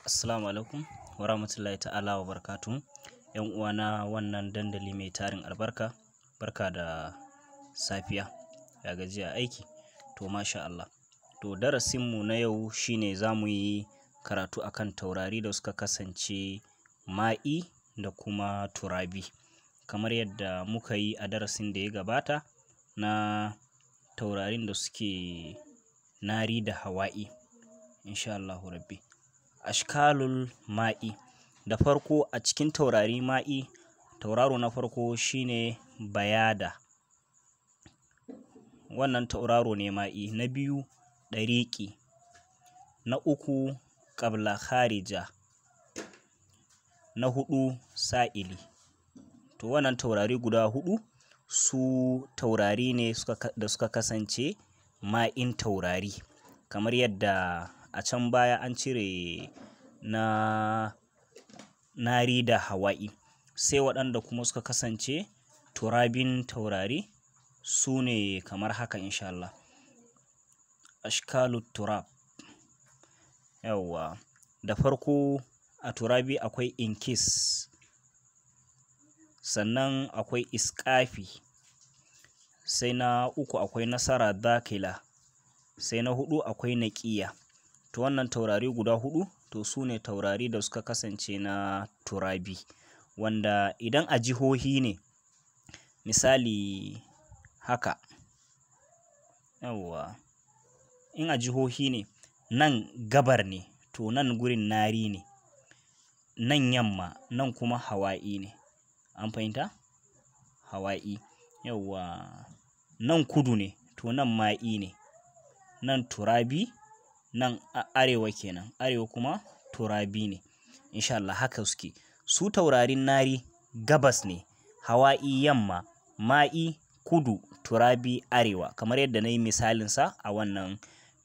Assalamu alaikum wa rahmatullahi ta'ala wa barkatu. ‘Yan uwana wannan dandali mai tarin albarka, barka da safiya, ya gajiya aiki, to masha Allah. To darasinmu na yau shine za mu yi karatu akan taurari da suka kasance ma'i da kuma turabi. Kamar yadda muka yi a darasin da ya gabata na taurarin da suke nari da hawa'i, insha Allahu rabbi. Ashkalul ma'i. Da farko a cikin taurari ma'i, tauraro na farko shine Bayada. Wannan tauraro ne ma'i. Na biyu Ɗariƙi. Na uku Qabla Kharija. Na hudu Sa'ili. To wannan taurari guda hudu su taurari ne da suka kasance ma'in taurari kamar yadda a can baya an cire na nari da hawa'i sai waɗanda kuma suka kasance turabin taurari su ne kamar haka insha ashkalut turab yawwa da farko a turabi akwai inkis sannan akwai iskafi sai na uku akwai nasara dakila sai na hudu akwai naƙiya to wannan taurari guda hudu to su ne taurari da suka kasance na turabi wanda idan a jihohi ne misali haka yawwa in a jihohi ne nan gabar ne to nan gurin nari ne nan yamma nan kuma hawa'i ne an fahimta hawa'i yawwa nan kudu ne to nan ma'i ne nan turabi nan a arewa kenan arewa kuma turabi ne insha Allah haka suke su taurarin nari gabas ne hawa'i yamma ma'i kudu turabi arewa kamar yadda na yi misalin sa a wannan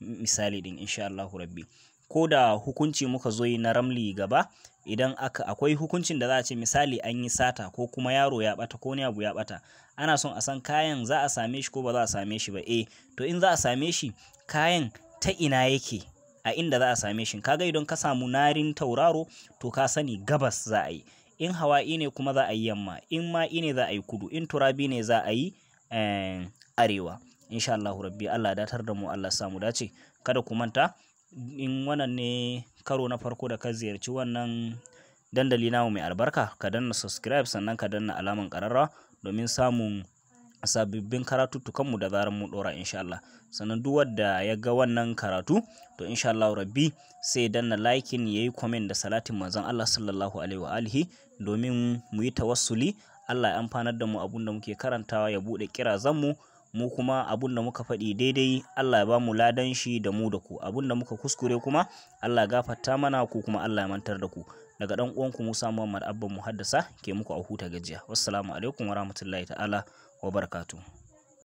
misali din insha Allah rabbi ko da hukunci muka zo yi na ramli gaba idan aka akwai hukuncin da za a ce misali an yi sata ko kuma yaro ya bata ko abu ya bata ana son a san kayan za a same shi ko ba za a same shi ba eh to in za a same shi kayan ta ina yake a inda za a same shi kaga idan ka samu narin tauraro to ka sani gabas za a yi in hawa'i ne kuma za a yi yamma in ma'i ne za a yi kudu in turabi ne za a yi eh, arewa insha Allah rabbi Allah datar da mu Allah samu dace kada ku manta in wannan ne karo na farko da ka ziyarci wannan dandali namu mai albarka ka danna subscribe sannan ka danna alaman kararra domin samun sababbin mu da zarar mu dora insha Allah sannan duk wanda ya ga wannan karatu to insha Allah rabbi sai danna ya yayi comment da salatin manzon Allah sallallahu alaihi wa alihi domin mu yi tawassuli Allah ya amfanar da mu abun da muke karantawa ya bude kirazan mu mu kuma abun da muka faɗi daidai Allah ya ba mu ladan shi da mu da ku abun da muka kuskure kuma Allah ya gafarta mana ku kuma Allah ya mantar da ku daga dan uwanku Musa Muhammad Abba Muhaddasa ke muku a huta gajiya wassalamu alaikum warahmatullahi ta'ala wa barakatuh